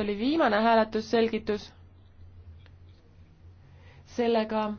oli viimane hääletusselgitus. sellega